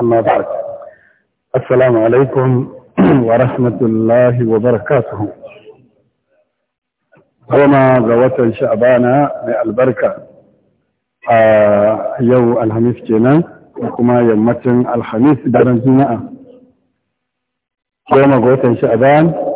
أما بعد السلام عليكم ورحمة الله وبركاته هما غوات شعبانا بالبركة آه يو الحميس جنا وكما يمتن الحميس دارن جنا يوم غوات شعبان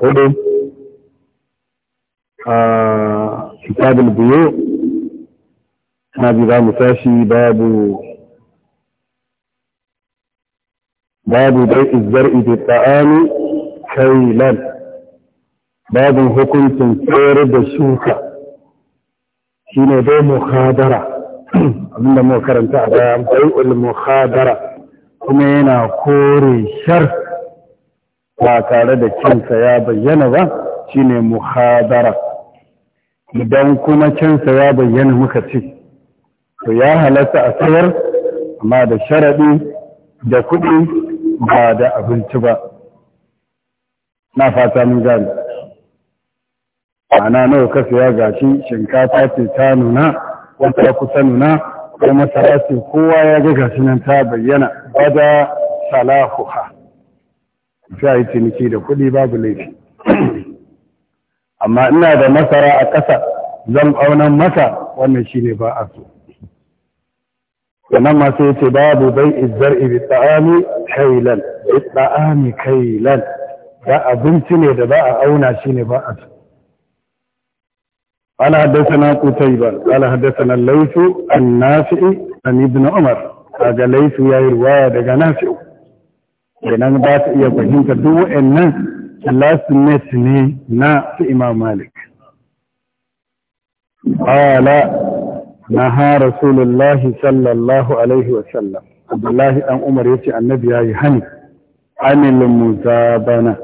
hudu a kitabul biyu na bi za mu tashi babu babu dai izar'i da ta'ani kai kailan babin hukuncin tsere da shuka shi shine dai muhadara abinda muka karanta a bayan bai'ul muhadara kuma yana kore shar ba tare da cinsa ya bayyana ba shine muhadara idan kuma cinsa ya bayyana muka ce to ya halatta a sayar amma da sharaɗi da kuɗi ba da abinci ba na fata mun gani ana nawa ka saya gashi shinkafa ce ta nuna wata kusa nuna Kuma masara kowa ya ga gashi nan ta bayyana bada salahuha sai ciniki da kuɗi babu laifi amma ina da masara a ƙasa zan aunan mata wannan ne ba a so sannan masu ce babu bai izar ibi ta'ami kailan ta'ami kailan da abinci ne da ba a auna shi shine ba a so قال حدثنا قتيبة قال حدثنا الليث النافع عن ابن عمر قال ليث يا رواية daga نافع kenan ba su iya fahimta duk wa'annan classmates ne na su imam malik qala naha rasulullah sallallahu alaihi wa sallam abdullahi dan umar yace annabi yayi hani anil muzabana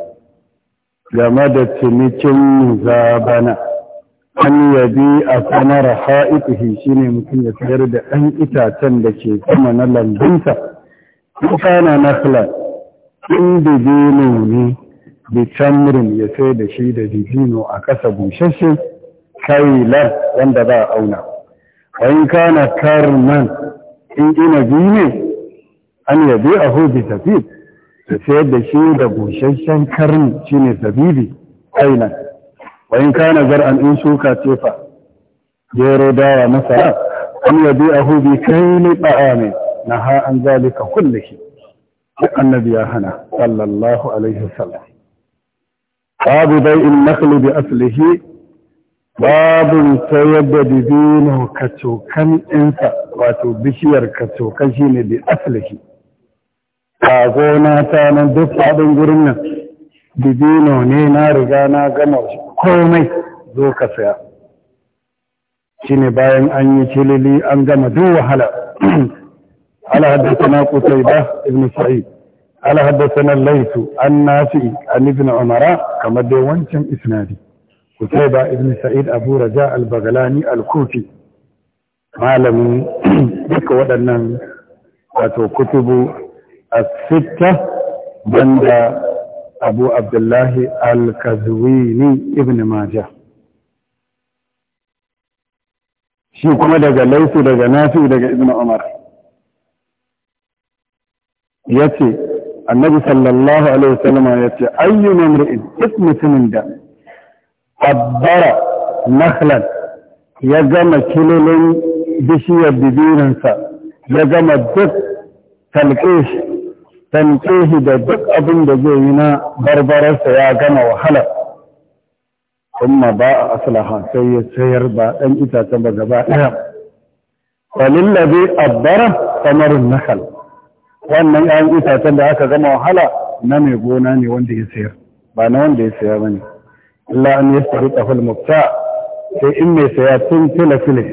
game da cinikin muzabana an yabi a samara ha'iƙihi shine mutum ya sayar da ɗan itacen da ke sama na lambunsa ko kana nakhlan inda dibino ne da tamrin ya sai da shi da dibino a ƙasa bushashe kailar wanda ba a auna wani kana karnan in gina ne an yabi a hobi tafid da sayar da shi da bushashen karni shine ne kailan aina wani kana an in shuka tefa, gero dawa masara an yabi a hobi ba'a ne, na ha an zalika kullum annabi ya hana sallallahu alaihi wasallam babu in nakli bi aslihi babu sayar da dibino kacokan ɗinsa wato bishiyar kacokan shi ne bi aslihi a gona ta nan duk abin gurin nan dibino ne na riga na gama komai zo ka saya shi bayan an yi cilili an gama duk wahala قال حدثنا قتيبة بن سعيد قال حدثنا الليث عن نافع عن ابن عمر كما دونتم إسنادي قتيبة بن سعيد أبو رجاء البغلاني الكوفي malamin duka waɗannan wato kutubu a sita banda abu abdullahi al-kazwini ibn majah shi kuma daga laifu daga nafi daga ibn umar ya ce annabi sallallahu alaihi wasallam ya ce ayyun imri'in duk mutumin da abbara nahlan ya gama kilolin bishiyar bibirinsa ya gama duk talƙish da duk abin da zai yi na barbararsa ya gama wahala kuma ba a aslaha sai ya sayar ba ɗan itacen ba gaba ɗaya walillabi abbara kamar nahal wannan ‘ya'yan itacen da aka gama wahala na mai gona ne wanda ya sayar ba na wanda ya saya ba ne Allah an yi tsari sai in mai saya tun fila fili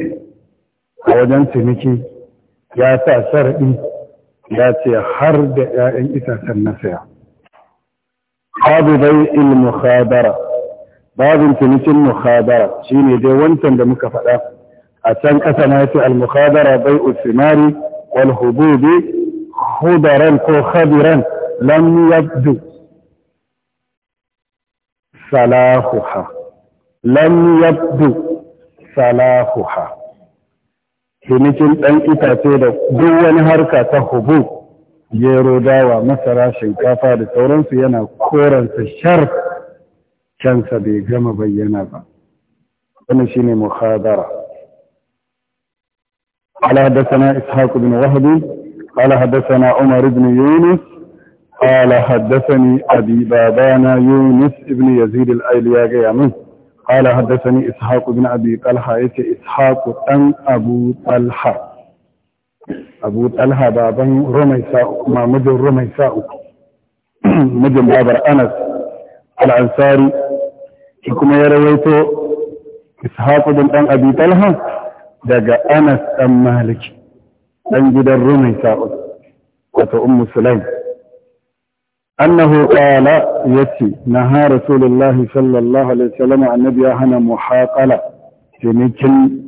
a wajen ciniki ya sa sharaɗi ya ce har da ‘ya'yan itacen na saya babu dai il muhadara babin cinikin muhadara shine dai wancan da muka faɗa a can ƙasa na yace al muhadara bai usimari wal hububi hudaran ko khadiran lam yabdu salahuha lam yabdu salahuha cinikin ɗan itace da duk wani harka ta hubu gero dawa masara shinkafa da sauransu yana koransa shar cansa bai gama bayyana ba wani shine muhadara ala na ishaq bin wahbi قال حدثنا عمر بن يونس قال حدثني أبي بابانا يونس ابن يزيد الأيلياء يمين قال حدثني إسحاق بن أبي طلحة إسحاق أن أبو طلحة أبو طلحة بابا رميساء ما مجر رميساء مجر بابر أنس الأنصاري كما يرويت إسحاق بن أبي طلحة دقى أنس أم مالك ɗan gidan rumin sa'ud wata ummu sulaim annahu qala yace ha rasulullahi sallallahu alaihi wasallam annabi ya hana muhaqala cinikin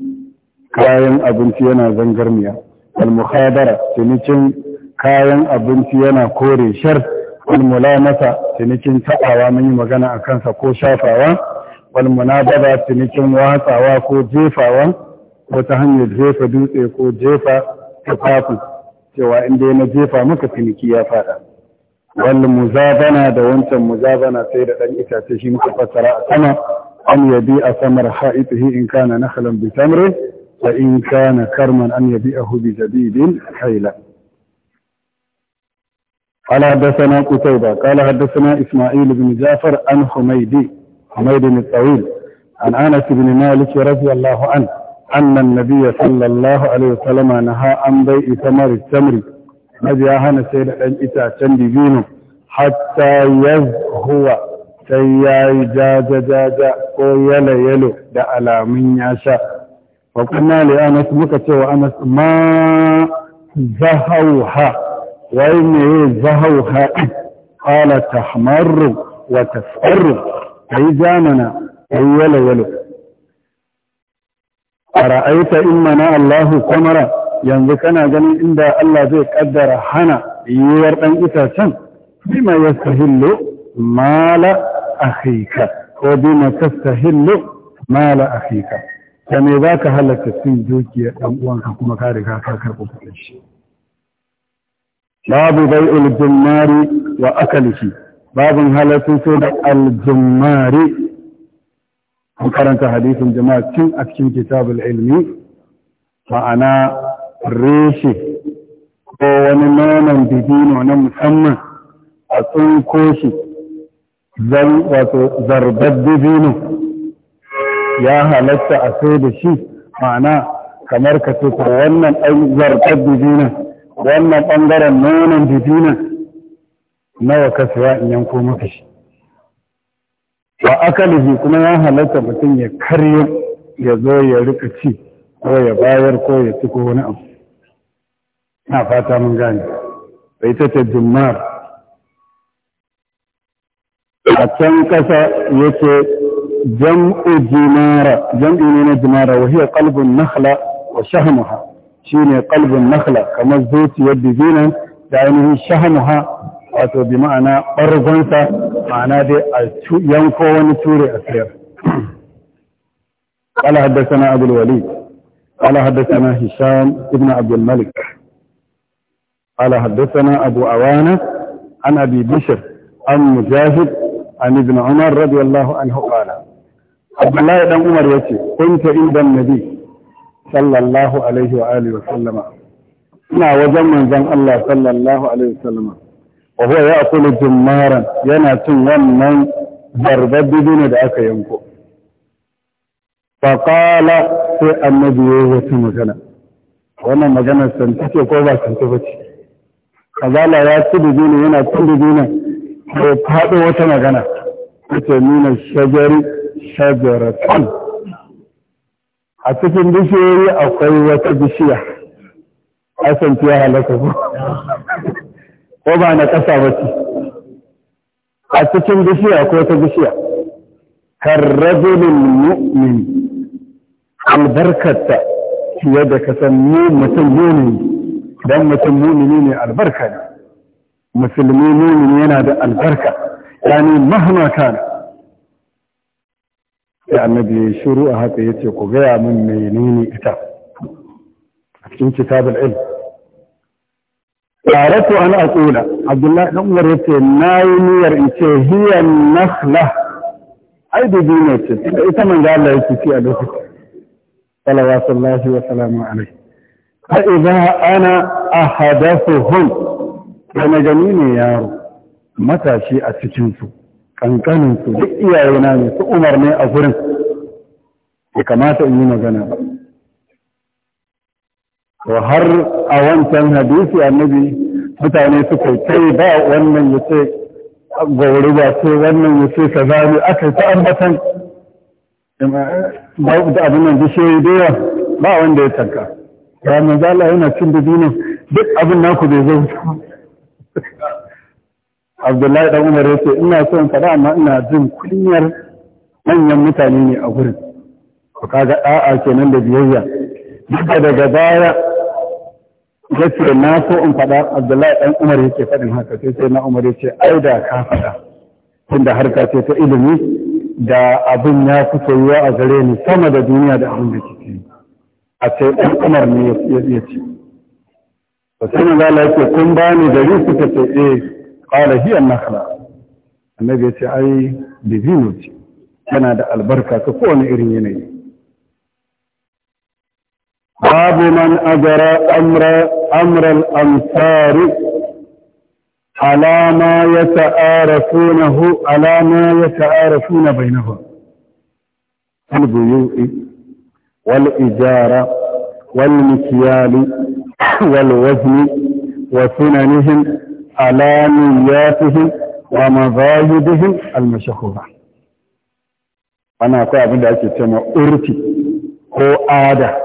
kayan abinci yana zangarniya al muhadara cinikin kayan abinci yana kore shar wal mulamata cinikin tabawa mun yi magana a kansa ko shafawa wal munabada cinikin watsawa ko jefawa wata hanyar jefa dutse ko jefa tufafi cewa inda ya na jefa maka ciniki ya fada wal muzabana da wancan muzabana sai da dan itace shi muka fassara a sama an yabi a samar ha'itihi in kana nakhlan bi tamri wa in kana karman an yabi'ahu bi zabibin khayla قال حدثنا قتيبة قال حدثنا إسماعيل بن جعفر عن حميدي حميد الطويل عن أنس بن مالك رضي الله عنه أن النبي صلى الله عليه وسلم نهى عن بيع ثمر التمر نبي أهان سيد أن إتا تنبيينه حتى يزهو سياي جاجا جاجا أو يلا يلو دا على من يشاء وقلنا لأنس مكتو أنس ما زهوها وإن زهوها قال تحمر وتفر أي جامنا أي يلا يلو ara'aita in mana Allahu kamara yanzu kana ganin inda Allah zai kaddara hana yiwuwar ɗan itacen bima yastahillu mala akhika ko bima tastahillu mala akhika ta me za ka halatta cin dukiyar ɗan uwanka kuma ka riga ka karɓi kuɗin shi babu bai'ul jummari wa akalihi babin halattun sai da aljummari an karanta hadisin jama'a cin a cikin kitabul ilmi ma'ana reshe ko wani nonon dibino na musamman a tsinko shi wato zarbar dibino ya halatta a sai da shi ma'ana kamar ka ce ko wannan ɗan zarbar dibino wannan ɓangaren nonon dibino nawa ka siya in yanko maka shi wa akalihi kuma ya halatta mutum ya karye ya zo ya rika ci ko ya bayar ko ya ci ko wani abu na fata mun gane bai ta ce jummar a can kasa yake jam'u jimara jam'u ne na jimara wa hiya qalbun nakhla wa shahmuha shine qalbun nakhla kamar zuciyar dizinan da ainihin shahmuha wato bi ma'ana ɓarzonsa ma'ana dai a yanko wani ture a tsayar. Ala haddasa Abul Wali, ala haddasa na Hisham ibn Abdul Malik, ala haddasa na Abu Awana, an Abi Bishir, an Mujahid, an Ibn Umar radiyallahu an haƙala. Abdullahi ɗan Umar ya ce, Kunta inda Nabi, sallallahu alaihi wa wa sallama. Ina wajen manzon Allah sallallahu alaihi wa sallama. wa huwa ya'kulu jummaran yana cin wannan zarbar dibino da aka yanko fa qala sai annabi ya yi wata magana wannan magana san take ko ba san ba ce kazala ya ci dubu dibino yana cin dibino ko faɗo wata magana ita nuna shajari shajaratan a cikin bishiyoyi akwai wata bishiya asanci ya halaka ko ko ba na ƙasa ba ce a cikin bishiya ko ta bishiya karrajulun mu'min albarkarta fiye da kasan mu mutum mumini don mutum mumini ne albarka ne musulmi mumini yana da albarka yani mahma kana sai annabi ya shiru a haka ya ce ku gaya min menene ita a cikin kitabul ilm ana an aqula abdullahi dan umar yace yi niyyar in ce hiya nakhla ai dubi ne ce ita ga Allah yake ci a lokacin sallallahu alaihi wa sallam alaihi fa idza ana ahadathuhum na gani ne yaro matashi a cikinsu. su duk iyayena ne su umar ne a gurin ya kamata in yi magana ba to har a wancan hadisi annabi mutane suka kai ba wannan ya ce gauri ba ce wannan ya ce ka zari aka yi ta ambatan da abin nan bishiyoyi da doya ba wanda ya tanka ya zala yana cin dabino duk abin naku bai zo abdullahi dan umar ya ce ina son faɗa amma ina jin kunyar manyan mutane ne a gurin ka ga a'a kenan da biyayya duka daga baya ya na so in faɗa abdullahi ɗan umar yake faɗin haka sai sai na umar yace ai da ka faɗa tunda harka ce ta ilimi da abin ya fi soyuwa a gare ni sama da duniya da abin da kike a ce ɗan umar ne ya ce to sai na zala yake kun ba ni gari suka ce eh qala hiya nakhla annabi ya ce ai divino ce yana da albarka ka kowane irin yanayi babu man ajara amra أمر الأمصار على ما يتعارفونه على ما يتعارفون بينهم البيوء والإجارة والمكيال والوزن وسننهم على نياتهم ومغايبهم المشهورة أنا أقول أبدا أكي تسمى أرتي هو آدة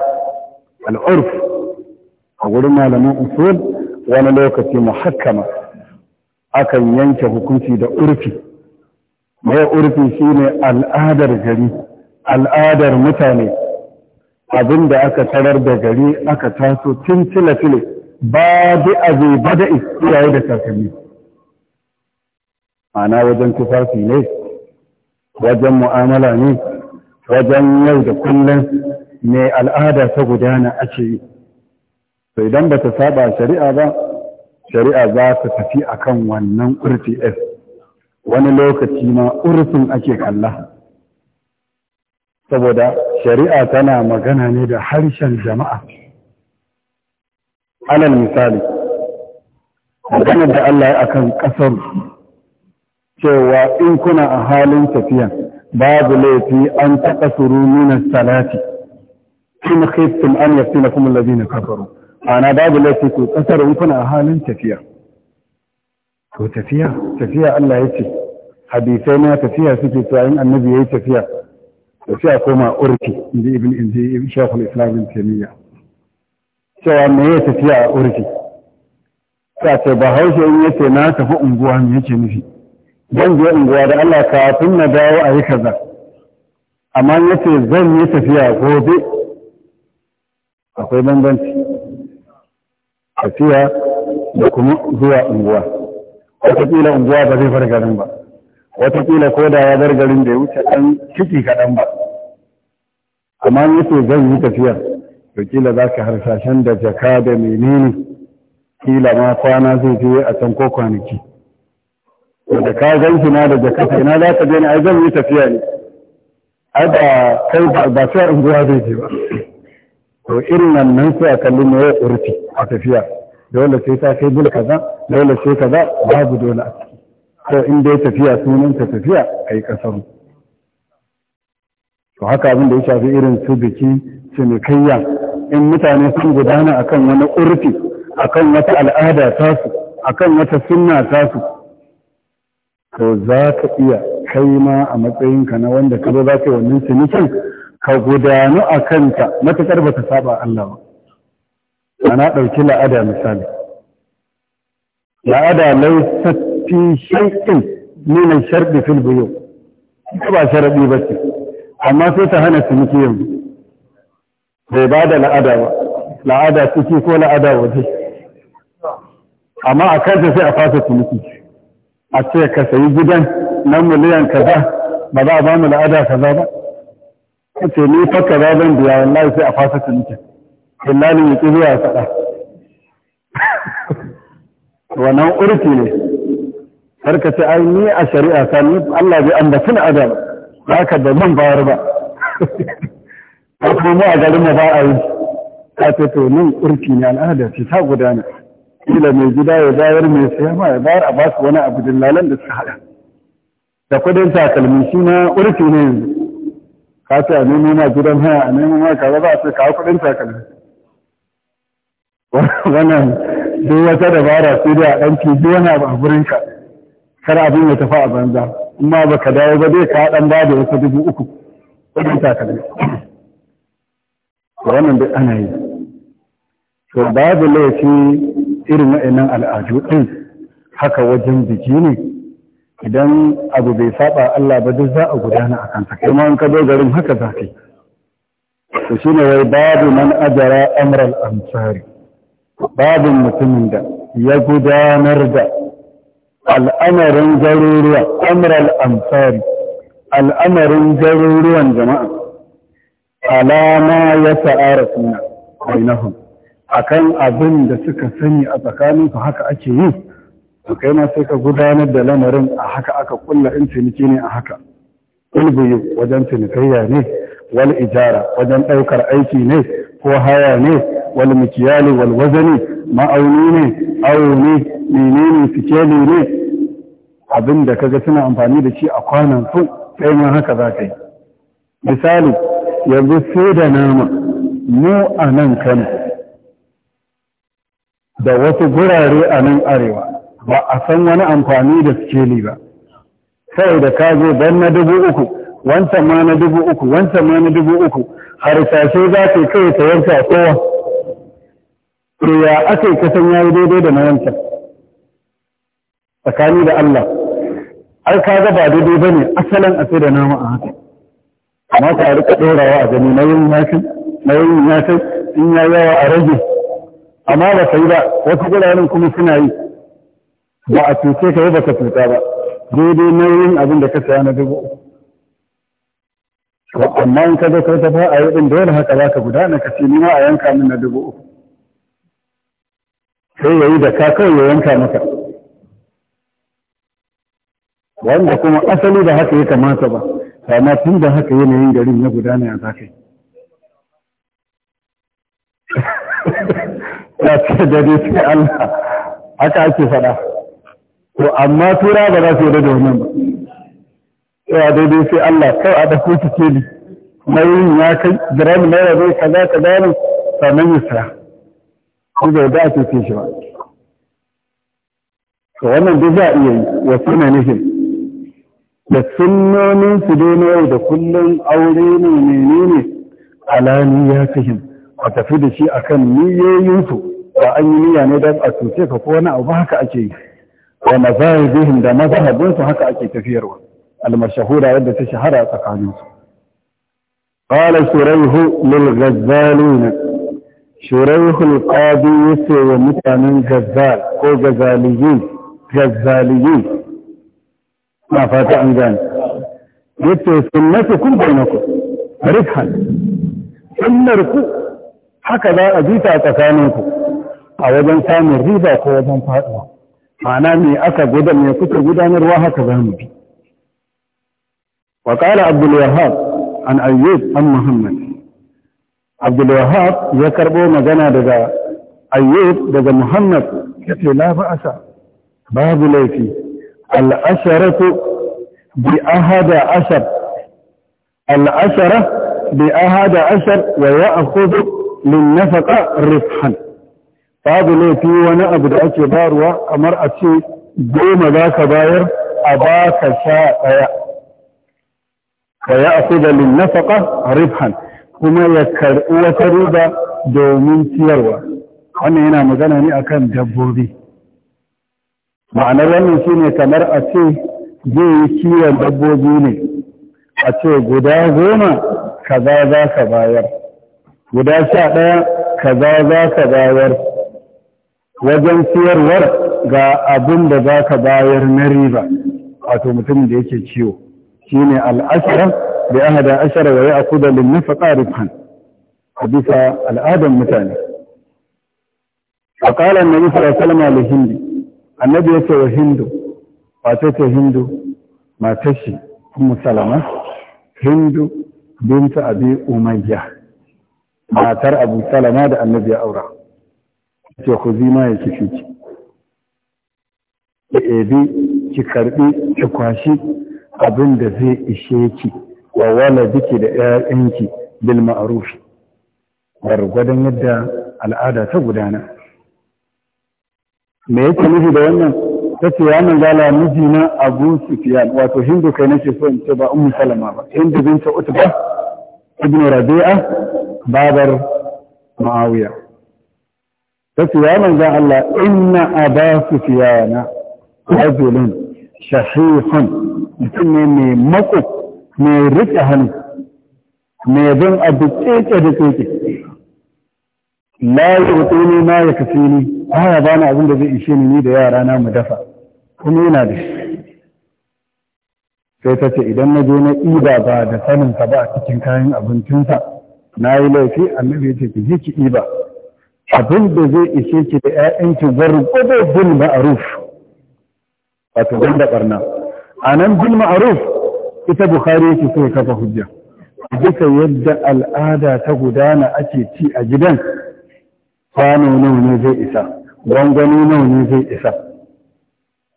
العرف a wurin malamin, usul wani lokaci muhakkama akan yanke hukunci da urfi mai urfi shine al'adar gari al'adar mutane abin da aka tarar da gari aka taso tun cile ba bi a zai bada iyaye da takalmi. ana wajen tufafi ne wajen mu'amala ne wajen yau da kullum mai al'ada ta gudana ake yi sai idan ba ta saba shari'a ba shari'a za ta tafi akan wannan urfi wani lokaci ma urfin ake kalla saboda shari'a tana magana ne da harshen jama'a alal misali maganar da Allah ya akan ƙasar cewa in kuna a halin tafiya babu laifi an taɓa suru nuna salati in khiftum an na kuma na kafaru ana babu laifi ko kasar a halin tafiya to tafiya tafiya Allah ya ce hadisai na tafiya suke to ayin annabi yayi tafiya tafiya koma urki inji ibn inji shaykhul islam ibn taymiya cewa me ya tafiya a urki ta ce ba haushe in yace na tafi unguwa me yake nufi zan je unguwa da Allah kafin na dawo a yi kaza amma yace zan yi tafiya gobe akwai banbanci. tafiya da kuma zuwa unguwa watakila unguwa ba zai bar garin ba watakila ko da ya bar garin da ya wuce ɗan ciki kaɗan ba amma yace zan yi tafiya to kila za ka harsashen da jaka da menene kila ma kwana zai je a can ko kwanaki da ka gan shi na da jaka ina za ka je ne ai zan yi tafiya ne ai ba kai ba sai unguwa zai je ba to irin wannan sai a kalli ne ya urfi a tafiya dole sai ta kai bil kaza dole sai kaza babu dole a ciki to in dai tafiya sunan ta tafiya ai kasar to haka abin da ya shafi irin su biki cinikayya in mutane sun gudana akan wani urfi akan wata al'ada tasu akan wata sunna tasu to za ka iya kai ma a matsayinka na wanda ka zo za ka yi wannan cinikin ka gudanu a kanta matuƙar ba ta saba Allah ba ana ɗauki la'ada misali la'ada laisat fi shay'in nuna sharɗi shart fi Ita ba sharaɗi ba ce amma sai ta hana muke yanzu bai ba da la'ada ba la'ada ciki ko la'ada waje amma a kanta sai a fasa muke. a ce ka sayi gidan nan miliyan kaza ba za a ba mu la'ada kaza ba ce ni fakka za zan biya wallahi sai a fasa cinikin illalin ya ƙi zuwa ya faɗa wannan urfi ne karka ce ai ni a shari'a ta ni Allah bai ambaci na adam ba ka da man bayar ba a kuma a garin mu ba a yi ta ce to nan urfi ne al'ada ce ta gudana kila mai gida ya bayar mai saya ma ya bayar a ba su wani abu dillalan da su haɗa da kudin takalmi shi na urfi ne yanzu ka ce a nemo ma gidan haya a nemo ma kaza ba a ce kawo kuɗin takalmi wannan duk wata dabara sai dai a ɗan fiji wani abu a gurin ka kar abin ya tafi a banza in ma ka dawo ba dai ka ɗan ba da wasu dubu uku kuɗin takalmi wannan duk ana yi to babu laifi irin wa'annan al'adu ɗin haka wajen biki ne idan abu bai saba Allah ba duk za a gudana a kanta kai ma in ka garin haka za ka yi to shine wai babu man ajara amral amsari babu mutumin da ya gudanar da al'amarin garuruwa amral amsari al'amarin garuruwan jama'a alama ya sa'ara suna bainahum akan abin da suka sani a tsakaninsu haka ake yi to kai ma sai ka gudanar da lamarin a haka aka kulla in ciniki ne a haka ilbiyu wajen cinikayya ne wal ijara wajen ɗaukar aiki ne ko haya ne wal mikiyali wal wazani ma'auni ne awo ne menene sikeli ne abin da kaga suna amfani da shi a kwanan su sai ma haka za ka yi misali yanzu sai da nama mu a nan kano da wasu gurare a nan arewa ba a san wani amfani da sikeli ba sai da ka zo don na dubu uku wancan ma na dubu uku wancan ma na dubu uku harsashe za ka kai ta yanka kowa to ya aka yi kasan yayi daidai da na wancan tsakani da Allah ai ka ga ba daidai bane asalan a sai da nama a haka amma ka rika ɗorawa a gani nayin yakin nayin yakin in ya yawa a rage amma ba ka yi ba wasu guraren kuma suna yi ba a cuce ka yi ba ka cuta ba daidai nauyin abin da ka saya na dubu uku to amma in ka zo ka tafi a yi ɗin dole haka za ka gudana ka ce nima a yanka min na dubu uku sai ya yi da ka kawai ya yanka maka wanda kuma asali da haka ya kamata ba amma tun da haka yanayin garin ya gudana ya zafi ya ce da dai Allah haka ake faɗa to amma tura ba za su yi da wannan ba yawa daidai sai Allah kawai a da kuka ke ne nauyin ya kai gram naira zai kaza ka gane sannan ya sa ko bai da ake ce shi ba to wannan duk za a iya yi wa suna nufin da sunnonin su dai yau da kullum aure ne menene alani ya kashin a tafi da shi akan niyoyinsu ba an yi niyya ne don a cuce ka ko wani abu haka ake yi wa mazahibihim da هكا haka ake tafiyarwa al-mashhura yadda ta shahara قال شريح للغزالين شريح القاضي يسوى متانين غزال او غزاليين غزاليين ما فاتح عندنا يتوى سنتكم بينكم ربحا سنركم هكذا أجيت أتكانكم أولا سامر ريبا كو أولا فاتح ma'ana me aka guda me kuka gudanarwa haka za mu bi wa qala abdul wahhab an ayyub an muhammad abdul wahhab ya karbo magana daga ayyub daga muhammad yace la ba'asa babu laifi al asharatu bi ahada ashar al ashara bi ahada ashar wa ya'khudhu lin nafaqa rifhan babu laifi wani abu da ake baruwa kamar a ce goma za ka bayar a ba ka sha ɗaya yi ya aku da linnafaka ribhan kuma ya karɓi wata riba domin ciyarwa wannan yana magana ne akan dabbobi ma'anar wannan ne kamar a ce zai yi kiwon dabbobi ne a ce guda goma kaza za ka bayar guda sha ɗaya kaza za ka bayar wajen siyarwar ga abin da za ka bayar na riba wato mutumin da yake ciwo shi ne al'ashirar da hada ashirar wa ya aku da linnufa ƙarifan a bisa al'adar mutane a ƙalar na nufar salama da Hindi, annabi ya ce wa hindu wato ce hindu matashi kuma salama hindu binta abi umayya matar abu salama da annabi ya aura ce ku zima ya kifi ki ki ebi ki karbi ki kwashi abin da zai ishe ki wa waladiki da 'ya'yanki bil ma'ruf gwargwadon yadda al'ada ta gudana me yake nufi da wannan ta ce ya miji mijina abu sufiyan wato hindu kai nake so in ce ba ummu salama ba hindu binta utba ibn rabi'a babar ma'awiya tafi ya manzan Allah inna aba sufiyana rajulun shahihun mutum ne mai mako mai rike hannu mai bin abu keke da keke la yuqini ma ni. aya bani abin da zai ishe ni da yara na mu dafa kuma yana da shi sai ta ce idan na je na iba ba da saninsa ba a cikin kayan abincinsa na yi laifi annabi ya ce ki ji ki iba abin da zai ishe ki da ‘ya'yanki gwargwado bin ma'aruf wato da barna a nan bin ma'aruf ita bukari yake so ya kafa hujja duka yadda al'ada ta gudana ake ci a gidan kwano nawa ne zai isa gwangwani nawa ne zai isa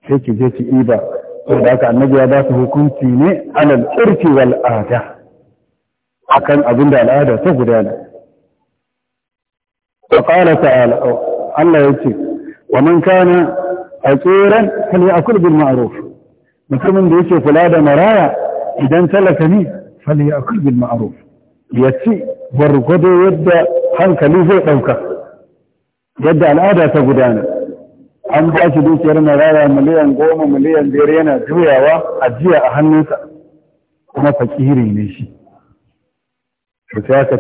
sai ki je ki iba ko da aka annabi ya ba su hukunci ne alal ƙirki wal'ada A akan abin da al'ada ta gudana wa qala ta'ala Allah yace wa man kana aqiran falyakul bil ma'ruf mutumin da yake kula da maraya idan talaka ne falyakul bil ma'ruf yace gwargwado yadda hankali zai ɗauka, yadda al'ada ta gudana an bashi dukiyar maraya miliyan goma miliyan biyar yana juyawa ajiya a hannunsa kuma fakiri ne shi to sai aka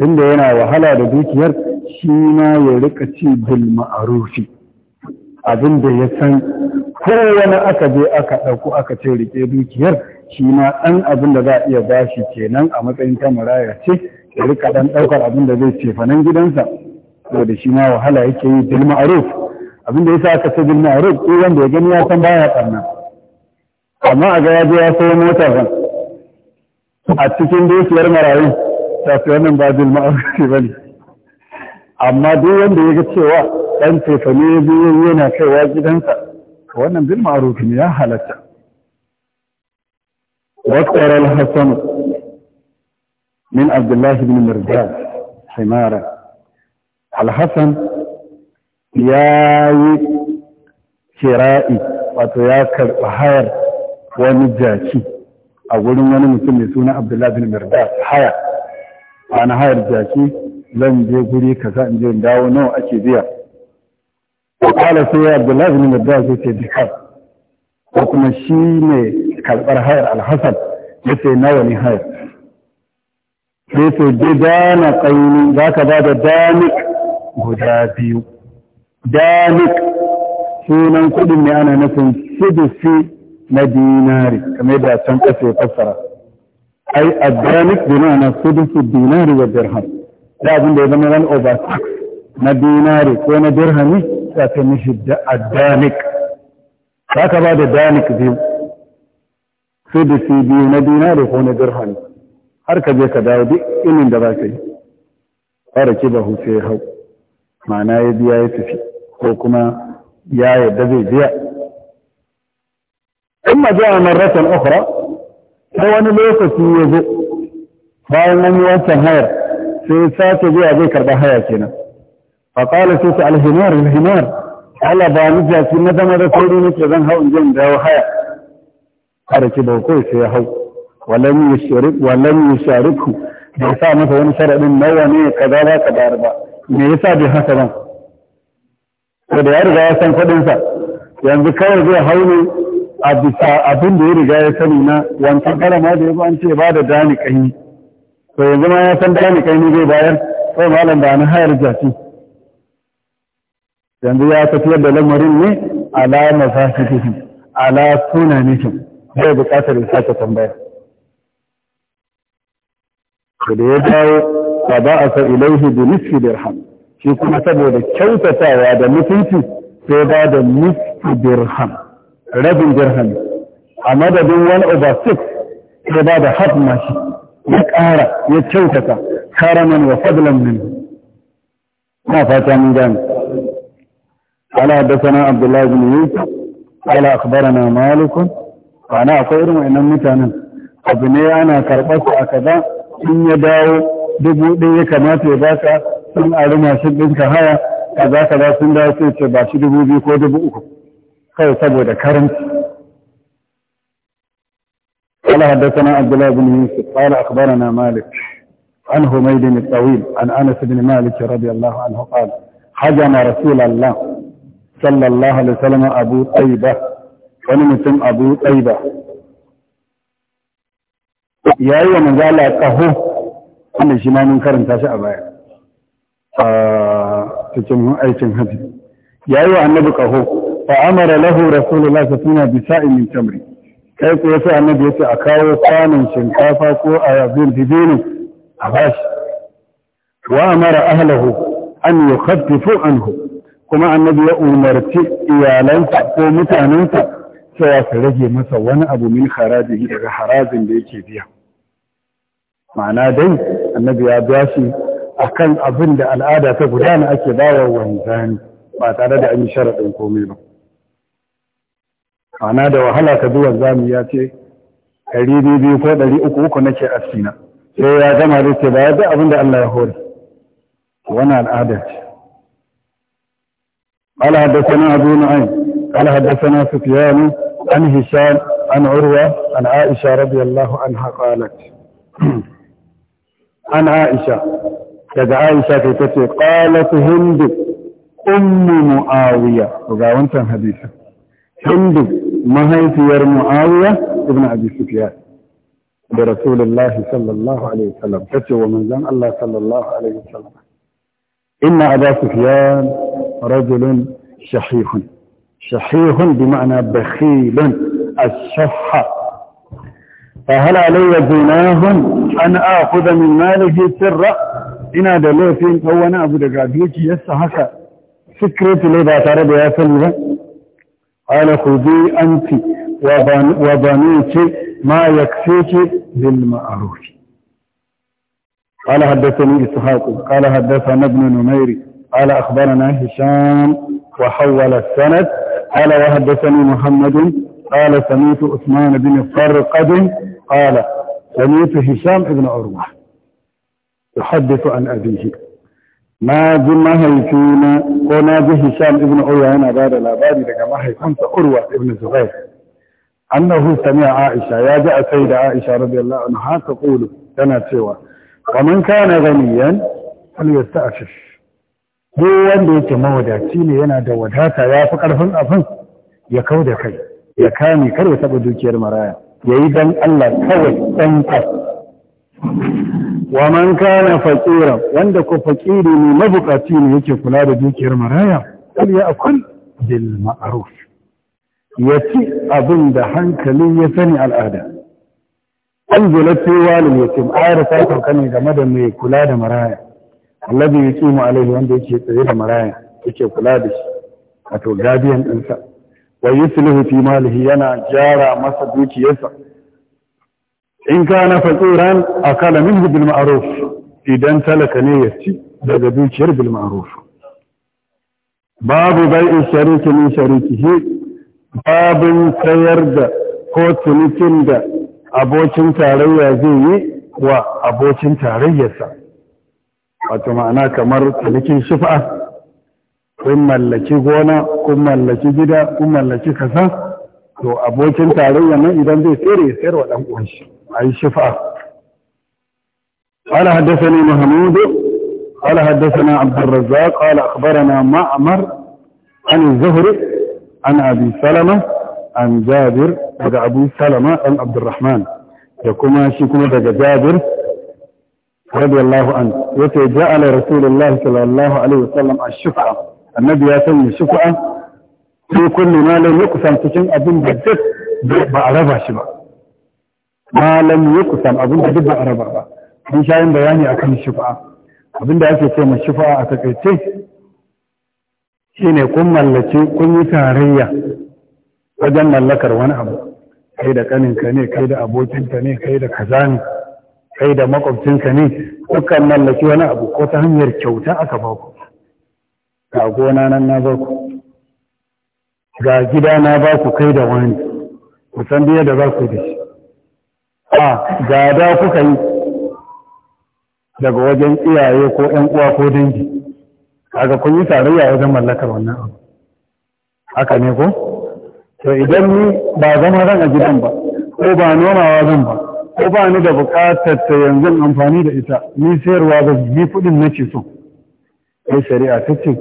tunda yana wahala da dukiyar Shina ya rika ci bil ma'arufi abin da ya san kowane aka je aka ɗauko aka ce rike dukiyar shi ma ɗan abin da za a iya bashi kenan a matsayin ta maraya ce ya rika ɗan ɗaukar abin da zai ce nan gidansa da shi ma wahala yake yi bil ma'aruf abin da ya sa aka ce bil ma'aruf ko wanda ya gani ya san baya karna amma a ga ya je ya sayo mota ban a cikin dukiyar marayu ta fi wannan ba bil ba bane amma duk wanda ya ga cewa ɗan tefane biyu yana kaiwa gidansa ka wannan bil ma'arufin ya halatta وقر min Abdullahi bin الله himara al حمارة ya yi kira'i wato ya karɓi hayar wani jaki a wurin wani mutum mai suna abdullahi bin mirda haya ana hayar jaki zan je guri kaza in je dawo nawa ake biya kala sai abdullahi bin muddar sai ce dika ko kuma shi ne karɓar hayar alhassan ya ce nawa ne hayar sai ce gidana ƙaini za ka ba da danik guda biyu danik sunan kuɗin ne ana nufin sidusi na dinari kamar da can ƙasa ya fassara ai a danik bi ma'ana sidusi dinari wa dirham da abin da ya zama wani overtax na dinari ko na dirhami za ka mishi da adanik za ka ba da danik biyu su da su biyu na dinari ko na dirhami har ka je ka dawo duk inin da ba ka yi fara ki ba sai hau hau ma'ana ya biya ya tafi ko kuma ya yadda zai biya in ma ji a marratan okra ta wani lokaci ya zo bayan an yi wancan hayar sai sace zuwa zai karba haya kenan fa qala sai ta alhimar alhimar ala ba ni jaki na zama da sauri ke zan hau in je in dawo haya har ki ba ko sai hau walam yushrik walam yushariku ya sa masa wani sharadin nawa ne kaza ba ka bayar ba me yasa bai haka ba ko da ya riga ya san kudin sa yanzu kawai zai hau ne a bisa abin da ya riga ya sani na wancan karama da ya ba an ce ba da dani kai to yanzu ma ya san dani kai ni zai bayar kai malam da na hayar jaki yanzu ya tafiyar da lamarin ne ala mafasikihim ala sunanihim ba buƙatar ya sake tambaya to da ya dawo fa ba a sa ilaihi bi nisfi dirham shi kuma saboda kyautatawa da mutunci sai ba da nisfi dirham rabin dirham a madadin wani over six sai ba da half mashi ya ƙara ya kyautata karaman wa fadlan min na fata mun gani ala haddathana abdullahi bin yusuf ala akhbarana malik ana akwai irin wannan mutanen abu ne ana karɓar su a kaza in ya dawo dubu ɗaya ya kamata ya baka sun ari mashin ɗinka haya kaza kaza sun ce ba shi dubu biyu ko dubu uku kawai saboda karanci قال حدثنا عبد الله بن يوسف قال اخبرنا مالك عن حميد الطويل عن انس بن مالك رضي الله عنه قال حجم رسول الله صلى الله عليه وسلم ابو طيبه ونمتم ابو طيبه يا ايها من قال اقهو انا شمال كرم تاسع ابايا آه، تجمع اي يا ايها النبي قهو فامر له رسول الله صلى الله عليه وسلم بسائل من تمر kai ko yasa annabi ya ce a kawo kwanin shinkafa ko a yabin dibini a bashi wa amara ahlahu an yukhaffifu anhu kuma annabi ya umarci iyalansa ko mutanensa cewa su rage masa wani abu min harajihi daga harajin da yake biya ma'ana dai annabi ya biya shi akan abin da al'ada ta gudana ake bawa wanzani ba tare da an yi sharaɗin komai ba ana da wahala ka zuwa zamu ya ce ɗari ko 300 uku uku nake asina sai ya gama da ce ba da abin Allah ya hori wani al'ada ce قال حدثنا أبو نعيم قال حدثنا سفيان عن هشام عن عروة عن عائشة رضي الله عنها قالت عن daga Aisha kai tace qalat hind ummu muawiya ga wancan hadisin هند سير معاوية ابن أبي سفيان لرسول الله صلى الله عليه وسلم فتي ومن زم الله صلى الله عليه وسلم إن أبا سفيان رجل شحيح شحيح بمعنى بخيل الشح فهل علي زناه أن آخذ من ماله سرا إن هذا لو فين هو نأخذ قابلك يسحك فكرة لذا تربي سلمي قال خذي أنت وبنيك ما يكفيك للمعروف قال حدثني إسحاق قال حدثنا ابن نميري قال أخبرنا هشام وحول السند قال وحدثني محمد قال سميت عثمان بن فرقد قال سميت هشام بن عروة يحدث عن أبيه na ji mahaifina ko na ji Hisham ibn Urwa yana ba da labari daga mahaifinsa Urwa ibn Zubair annahu sami'a Aisha ya ji a sai da Aisha radiyallahu anha haka qulu tana cewa kaman kana ganiyan falyasta'fif duk wanda yake mawadaci ne yana da wadata ya fi karfin abin ya kau da kai ya kame kar ya taba dukiyar maraya yayi dan Allah kawai dan ka wa man kana faqira wanda ko faqiri ne mabukaci ne yake kula da dukiyar maraya kal ya akul bil ma'ruf ci abin da hankali ya sani al'ada an zulati walil yatim ayar ta kanka ne game da mai kula da maraya alladhi mu alaihi wanda yake tsaye da maraya yake kula da shi wato Gabiyan ɗinsa wa yuslihu fi malihi yana jara masa dukiyarsa in kana a kala min bil ma'ruf idan talaka ne ya ci daga dukiyar bil ma'ruf babu bai'in shariki min sharikihi babin sayar da ko da abokin tarayya zai yi wa abokin tarayyarsa wato ma'ana kamar cinikin shifa kun mallaki gona kun mallaki gida kun mallaki kasa to abokin tarayya nan idan zai tsere ya sayar wa ɗan uwanshi أي شفاء قال حدثني محمود قال حدثنا عبد الرزاق قال أخبرنا معمر عن الزهر عن أبي سلمة عن جابر عن أبي سلمة عن عبد الرحمن يكما شكما دقى جابر رضي الله عنه يتي جعل رسول الله صلى الله عليه وسلم الشفعة النبي يسمي الشفعة في كل ما لم يقسم تشن أبن بجد بعرفها شبه ma ya kusan abin da dubba ba araba ba mun sha yin bayani akan shifa abin da ake ce ma shifa a takaice shine kun mallace kun yi tarayya wajen mallakar wani abu kai da kaninka ne kai da abokinka ne kai da kaza ne kai da makwabcinka ne dukkan mallaki wani abu ko ta hanyar kyauta aka ba ku ga gona nan na ba ku ga gida na ba ku kai da wani ku san da za ku da shi a gada kuka yi daga wajen iyaye ko ‘yan uwa ko dangi kaga kun yi tarayya wajen mallakar wannan abu haka ne ko to idan ni ba zama ran a gidan ba ko ba nomawa zan ba ko ba ni da bukatar ta yanzu amfani da ita ni sayarwa ba ni kuɗin na ce so sai shari'a ta ce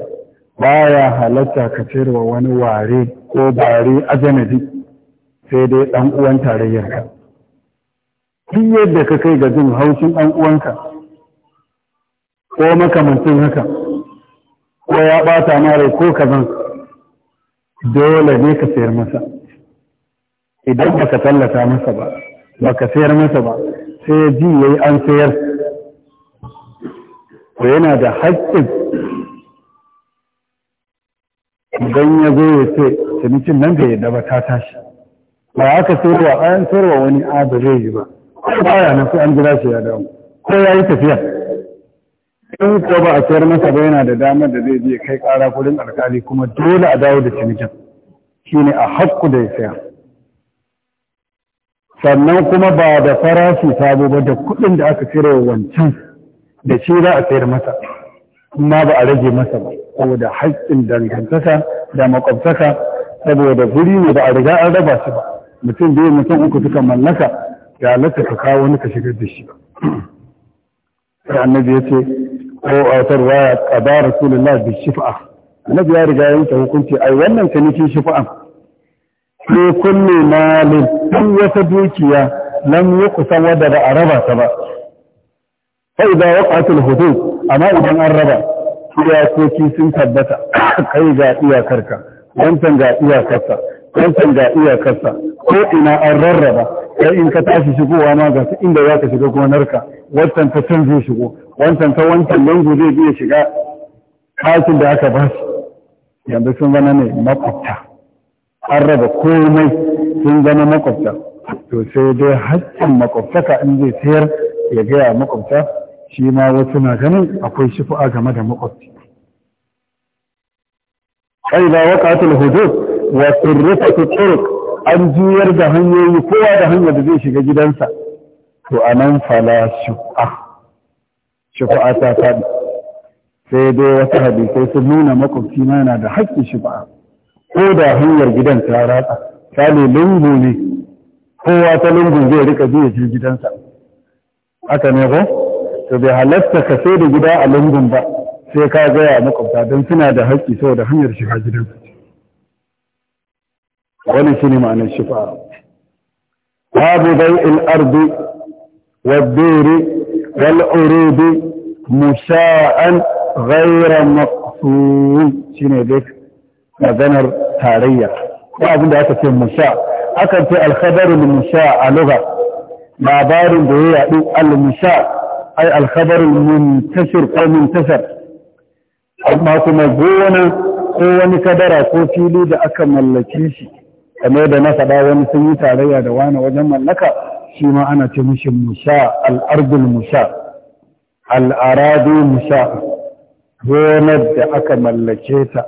baya halatta ka sayarwa wani ware ko bare ajanabi sai dai ɗan uwan tarayyar ka duk yadda ka kai ga jin haushin ɗan uwanka ko makamancin haka ko ya ɓata mara ko kazan dole ne ka sayar masa idan baka tallata masa ba baka sayar masa ba sai ji yayi an sayar ko yana da haƙƙin idan ya zo ya ce cinikin nan da ya daba ta tashi ba aka sayarwa an sayarwa wani a zai yi ba sai ba nan sai an jira shi ya dawo ko ya yi tafiya in ko ba a sayar masa ba yana da damar da zai je kai ƙara kudin alkali kuma dole a dawo da cinikin shine a hakku da ya saya sannan kuma ba da farashi sabo ba da kuɗin da aka cire wancan da shi za a sayar masa amma ba a rage masa ba saboda haƙƙin dangantaka da makwabtaka saboda guri ne ba a riga an raba shi ba mutum biyu mutum uku suka mallaka ya lati ka kawo wani ka shigar da shi sai annabi ya ce ko a tar ruwaya qada rasulullah bi shifa'a annabi ya riga yanke hukunci ai wannan ka cinikin shifa'a ko kullu malin duk wata dukiya lam yuqsam wadda ba a raba ta ba fa idza waqa'atul hudud amma idan an raba iyakoki sun tabbata kai ga iyakarka wancan ga iyakarka wancan ga iyakarsa ko ina an rarraba sai in ka tashi shigowa ma ga inda za ka shiga gonarka wancan ta can zai shigo wancan ta wancan gobe zai iya shiga Katin da aka ba shi yanzu sun zama ne makwabta an raba komai sun zama makwabta to sai dai haƙƙin makwabtaka in zai sayar ya gaya makwabta shi ma wasu na ganin akwai shifu'a game da makwabci kai ba wakatul hudud wa surrifatu turuq an juyar da hanyoyi kowa da hanyar da zai shiga gidansa to anan fala shu'a shu'a ta fadi sai dai wata hadisai sun nuna makwabci na yana da haƙƙin shu'a ko da hanyar gidan ta ratsa kale lungu ne kowa ta lungu zai rika biya je gidansa haka ne ko to bai halatta ka sai da gida a lungun ba sai ka gaya makwabta don suna da haƙƙi saboda hanyar shiga gidansa wani shi ne ma'anar shifa'a babu bai'il ardi waddere wal'urudi musha'an ghaira maqsuri shine dai maganar tarayya ko abin da aka ce musha akan ce al-khabaru musha a lugha labarin da ya yadu al-musha ai al-khabaru muntashir ko muntashar amma kuma gona ko wani kadara ko fili da aka mallake shi kamar da na faɗa wani sun yi tarayya da wani wajen mallaka shi ma ana ce mishi musha al'ardul musha al'aradu musha gonar da aka mallake ta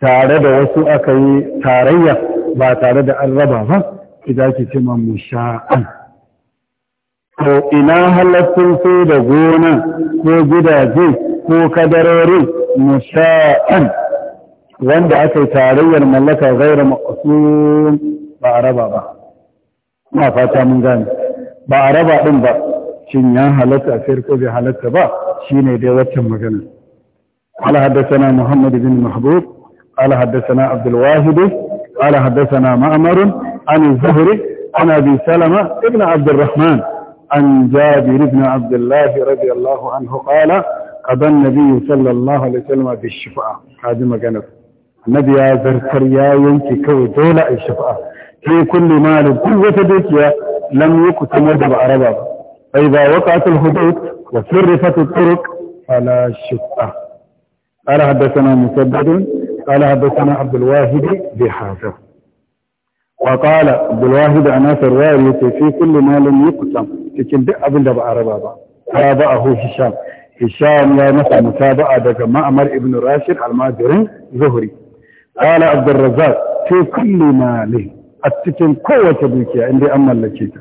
tare da wasu aka yi tarayya ba tare da an raba ba ita ki ce ma musha'an to ina halattun sai da gona ko gidaje ko kadarorin musha'an wanda aka yi tarayyar mallaka gaira maqsum ba a raba ba ina fata mun gane ba a raba din ba shin ya halatta a sayar ko halatta ba dai waccan magana حدثنا محمد بن محبوب على حدثنا عبد الواحد على حدثنا مأمر عن الزهري عن أبي سلمة ابن عبد الرحمن عن جابر بن عبد الله رضي الله عنه قال قضى النبي صلى الله عليه وسلم بالشفاء هذه مجانب نبي ذكر يا ينكي كو دولة الشفاء في كل مال قوة ديكيا لم يكن تمرد بعربا فإذا وقعت الهدوء وصرفت الطرق فلا شفاء قال حدثنا مسدد قال حدثنا عبد الواهد بحاجة وقال عبد الواهد عن الرواية في كل مال يقسم في كل دقة بلد بعربا تابعه هشام هشام يا نفع متابعة ده معمر ابن راشد المادرين زهري qala abdurrazzaq fi kulli mali a cikin kowace dukiya inda an mallake ta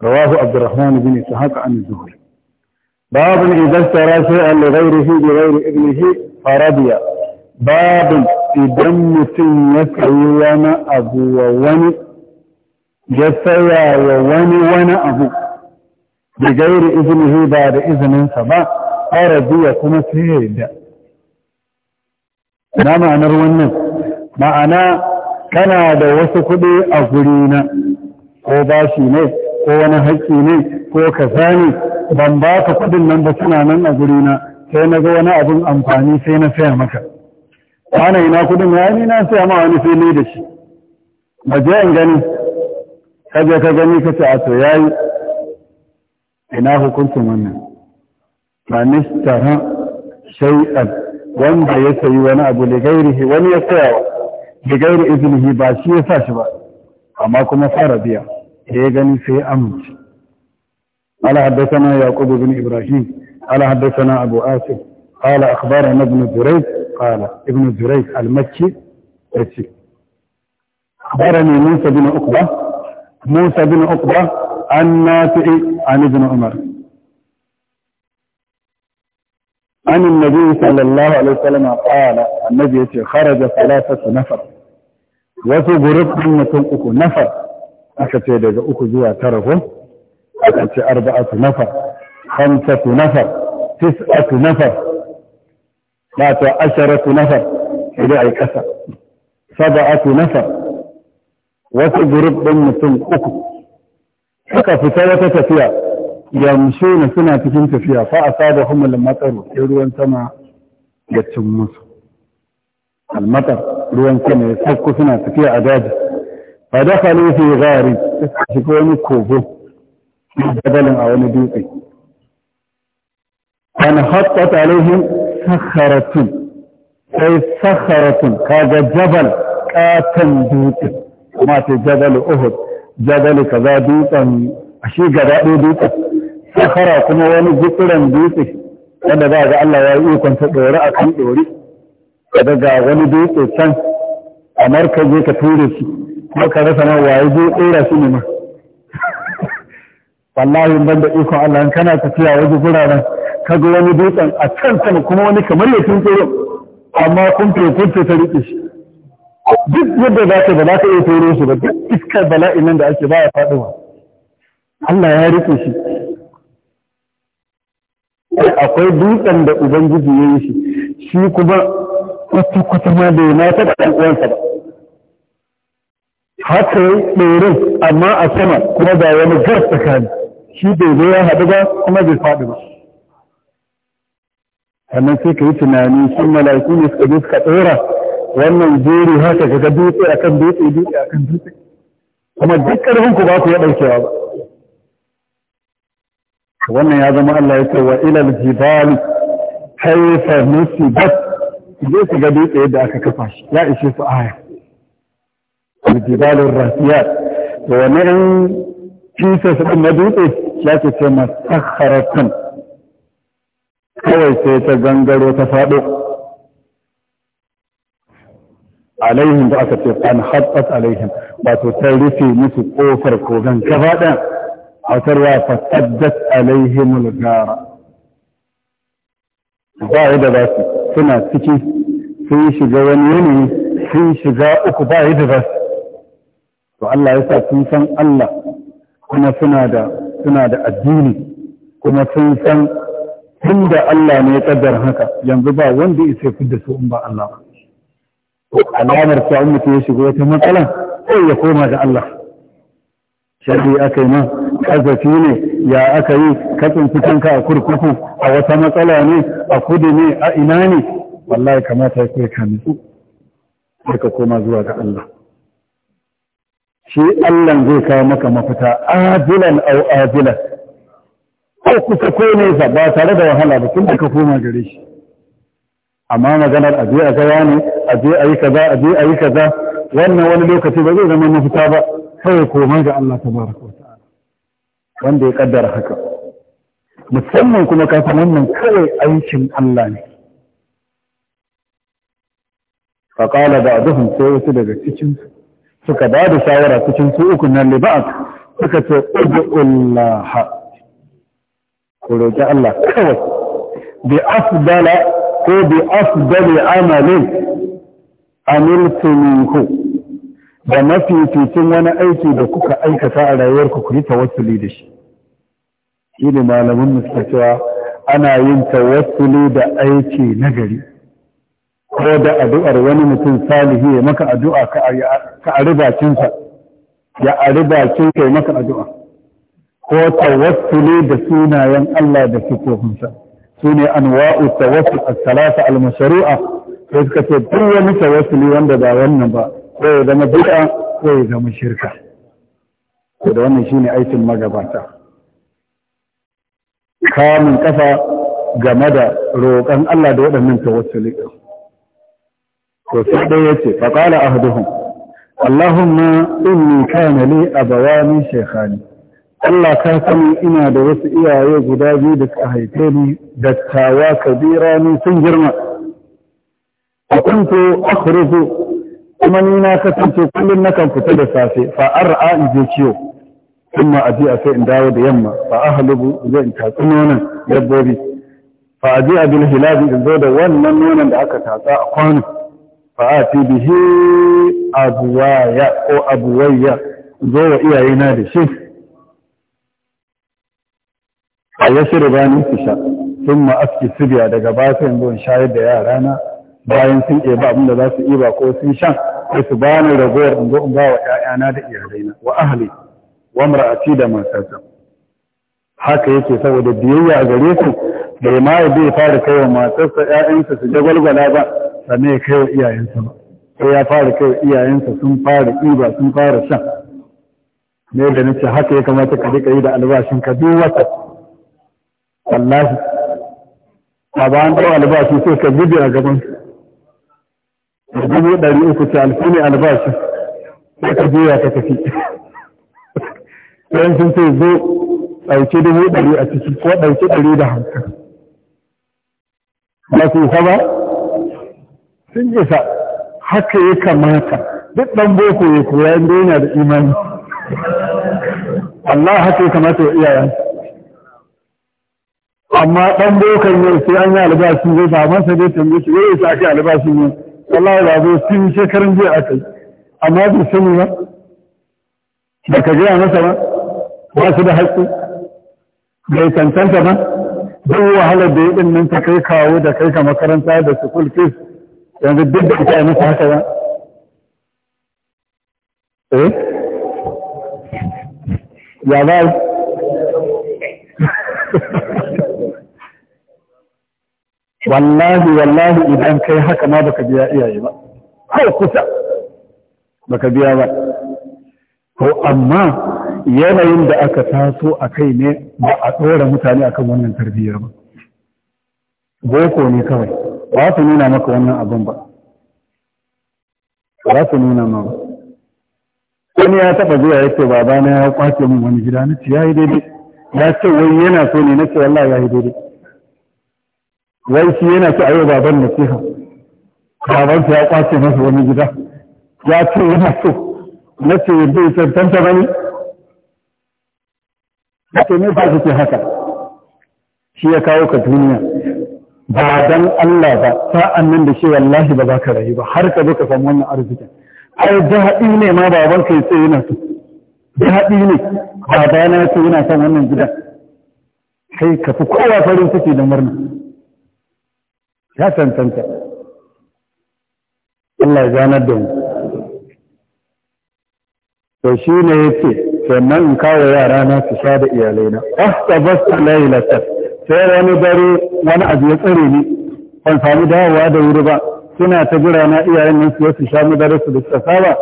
rawahu abdurrahman bin ishaq an zuhri babun idan tara shay'an li ghayrihi bi ghayri ibnihi faradiya babun idan mutum ya sayi wani abu wa wani ya wani wani abu da gairi izinihi ba da izininsa ba arabiya kuma sai ya yadda na ma'anar wannan ma'ana kana da wasu kuɗi a guri na ko bashi ne ko wani haƙƙi ne ko ka ban ba ka kuɗin nan ba suna nan a gurina, sai na ga wani abin amfani sai na saya maka ana ina kuɗin ya ni na saya ma wani fili da shi ba je in gani ka je ka gani ka ce a to ya yi. ina hukuncin wannan manistara shay'an wanda ya sayi wani abu da gairihi wani ya sayawa da gairi izini ba shi ya sa shi ba amma kuma fara biya da ya gani sai amince ala haddasana yaqub ibn ibrahim ala haddasana abu asif ala akhbarana ibn zurayk qala ibn zurayk al-makki yace akhbarani musa bin uqba musa bin uqba an nafi'i an ibn umar عن النبي صلى الله عليه وسلم قال النبي خرج ثلاثة نفر wasu guruf din mutum uku nafar aka ce daga uku zuwa tara ko aka ce arba'atu nafar hamsatu nafar tis'atu nafar ba ta asharatu nafar idan ai kasa saba'atu nafar wasu guruf din mutum uku suka fita wata tafiya yamshu na suna cikin tafiya fa asabahum al-matar sai ruwan sama ya cin musu al-matar ruwan sama ya sauko suna tafiya a daji fa dakhalu fi ghari shiga wani kogo dabalin a wani dutse an hattat alaihim sakharatun sai sakharatun kaga jabal katan dutse kuma ta jabal uhud jabal kaza dutsen a shi gaba ɗaya dutsen sakhara kuma wani gutsiran dutse wanda za ga Allah ya yi ikon ta ɗore a kan ɗori Ka daga wani dutse can a markaje ka ture shi kuma ka rasa nan waye zo tsira shi ne ma wallahi ban da ikon Allah kana tafiya waje guraren ka ga wani dutsen a can sama kuma wani kamar ya tun tsoro amma kun kunce ta rike shi duk yadda za ka ba za ka iya tsoro shi ba duk iskar bala'in nan da ake ba ya faɗuwa Allah ya rike shi akwai dutsen da ubangiji ya yi shi shi kuma kwata-kwata ma da ma taɓa ɗan uwansa ba haka yi ɗorin amma a sama kuma ga wani gar tsakani shi bai zo ya haɗu ba kuma bai faɗi ba sannan sai ka yi tunani sun mala'iku ne suka je suka ɗora wannan jeri haka ga dutse akan dutse dutse akan dutse kuma duk ƙarfin ku ba ku ya ɗaukewa ba wannan ya zama Allah ya ce wa ilal jibali kaifa nusibat je su ga dutse yadda aka kafa shi ya ishe su aya jibalin rasiyat da wani yan cinsa su ɗin na dutse ya ce ce masakharatan kawai sai ta gangaro ta faɗo alaihim da aka ce an haɓɓas alaihim wato ta rufe musu ƙofar kogan gaba ɗan a tarwa fasaddat alaihim gara ba yadda za su suna ciki sun shiga wani yanayi sun shiga uku ba yi da to Allah ya sa sun san Allah kuma suna da suna da addini kuma sun san tun da Allah ne ya kaddara haka yanzu ba wanda ya sai su in ba Allah ba alamar sa mutum ya shiga wata matsala sai ya koma da Allah shari'a aka yi ƙazafi ne ya aka yi katsin ka a kurkuku a wata matsala ne a kudu ne a ina ne wallahi kamata ya kai kami sai ka koma zuwa ga Allah shi Allah zai kawo maka mafita ajilan au ajilan ko kusa ko nesa ba tare da wahala ba tun da ka koma gare shi amma maganar a je a gaya ne a je a yi kaza a je a yi kaza wannan wani lokaci ba zai zama mafita ba kawai koma ga Allah tabaraka wanda ya kaddara haka musamman kuma kafin wannan kawai aikin Allah ne faƙala da aduhun sai wasu daga cikin suka ba da shawara cikin su uku na liba'at suka ce udu'ullaha ku roƙi Allah kawai bi ko bi afdali amalin amiltu da mafificin wani aiki da kuka aikata a rayuwarku ku yi tawassuli da shi shi ne malamin suka cewa ana yin tawassuli da aiki nagari ko da addu'ar wani mutum salihi ya maka addu'a ka a ribacinsa ya a ribacin kai maka addu'a ko tawassuli da sunayen Allah da sifofinsa su ne anwa'u tawassul as-salasa al-mashru'a sai suka ce duk wani tawassuli wanda ba wannan ba ko ya zama bid'a ko ya zama shirka Ko da wannan shine aikin magabata kamun kafa game da roƙon Allah da waɗannan tawassuli ɗin to sai dai yace fa qala ahduhum Allahumma inni kana li abawani shaykhani Allah ka sani ina da wasu iyaye guda biyu da ka haife ni dattawa kabira ni sun girma a kuntu akhruju kuma ni na kasance kullum na kan fita da safe fa ar'a in je ciwo kuma aje a sai in dawo da yamma fa ahlubu zai in tatsi nonon dabbobi fa aje a bin hilabi in zo da wannan nonon da aka tatsa a kwano fa fi bihi abuwaya ko abuwayya zo wa iyayena da shi a yashirba ni su sha sun ma aski sibiya daga ba sai in zo in shayar da yarana bayan sun ke abin da za su ɗiba ko sun shan sai su ba ni ragowar in in ba wa ‘ya'yana da iyalaina wa ahli wa mar'ati da matata haka yake saboda biyayya a gare su bai ma ya bai fara kai wa matarsa ‘ya'yansa su jagwalgwala ba sannan ya kai wa iyayensa ba sai ya fara kai wa iyayensa sun fara iba sun fara shan ne da nace haka ya kamata ka riƙa yi da albashin ka duk wata wallahi a bayan ɗau albashi sai ka gudu a gaban dubu ɗari uku ce alfi albashi sai ka juya ka tafi sai sun ce zo ɗauki dubu ɗari a ciki ko ɗauki ɗari da hamsin ba su isa ba sun isa haka ya kamata duk ɗan boko ya koya inda yana da imani Allah haka ya kamata ya iyayen amma ɗan bokan yau sai an yi albashi zai ba masa dai tambaye shi zai isa ake albashin yau wallahi ba zo sun shekarun jiya a kai amma bai sani ba ba ka gaya masa ba ba su da haƙƙi bai tantanta ba duk wahalar da ya ɗin nan ta kai kawo da kai ka makaranta da sukul fis yanzu duk da ita masa haka ba eh ya ba wallahi wallahi idan kai haka ma baka biya iyaye ba ko kusa baka biya ba ko amma yanayin da aka taso a kai ne ba a tsora mutane akan wannan tarbiyyar ba boko ne kawai ba su nuna maka wannan abin ba ba su nuna ma ba wani ya taba zuwa ya ce baba na ya kwace min wani gida na ce ya yi daidai ya ce wai yana so ne na ce wallahi ya yi daidai wai shi yana ci a yau baban nasiha baban ya kwace masa wani gida ya ce yana so na ce bai tantanta bane ya ce ne ba su ke haka shi ya kawo ka duniya ba dan Allah ba sa'an nan da shi wallahi ba za ka rayu ba har ka zo ka samu wannan arzikin ai da ne ma baban ka ce yana so da haɗi ne babana yace yana son wannan gidan kai ka fi kowa farin ciki da murna ya tantanta Allah ya ganar da mu to shi ne ya ce sannan in kawo yara na su sha da iyalaina ahtabasta lailatar sai wani dare wani abu ya tsare ni ban sami dawowa da wuri ba suna ta jira na iyayen nan su su sha mu dare su da suka saba